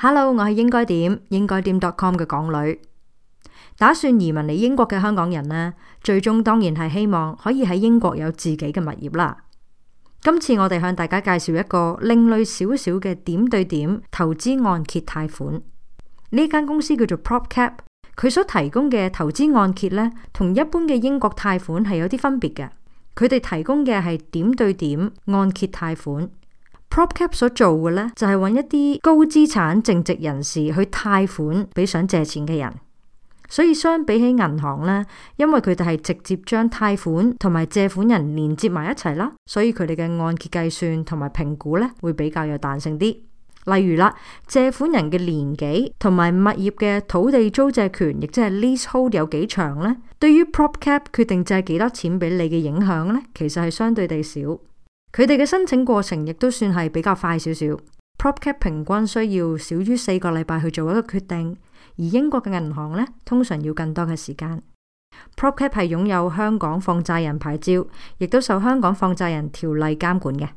Hello，我係應該點應該點 dotcom 嘅港女，打算移民嚟英國嘅香港人呢，最終當然係希望可以喺英國有自己嘅物業啦。今次我哋向大家介紹一個另類少少嘅點對點投資按揭貸款，呢間公司叫做 PropCap，佢所提供嘅投資按揭呢，同一般嘅英國貸款係有啲分別嘅，佢哋提供嘅係點對點按揭貸款。PropCap 所做嘅咧，就係、是、搵一啲高資產淨值人士去貸款俾想借錢嘅人，所以相比起銀行咧，因為佢哋係直接將貸款同埋借款人連接埋一齊啦，所以佢哋嘅按揭計算同埋評估咧，會比較有彈性啲。例如啦，借款人嘅年紀同埋物業嘅土地租借權，亦即係 leasehold 有幾長咧，對於 PropCap 決定借幾多錢俾你嘅影響咧，其實係相對地少。佢哋嘅申請過程亦都算係比較快少少，PropCap 平均需要少於四個禮拜去做一個決定，而英國嘅銀行呢，通常要更多嘅時間。PropCap 係擁有香港放債人牌照，亦都受香港放債人條例監管嘅。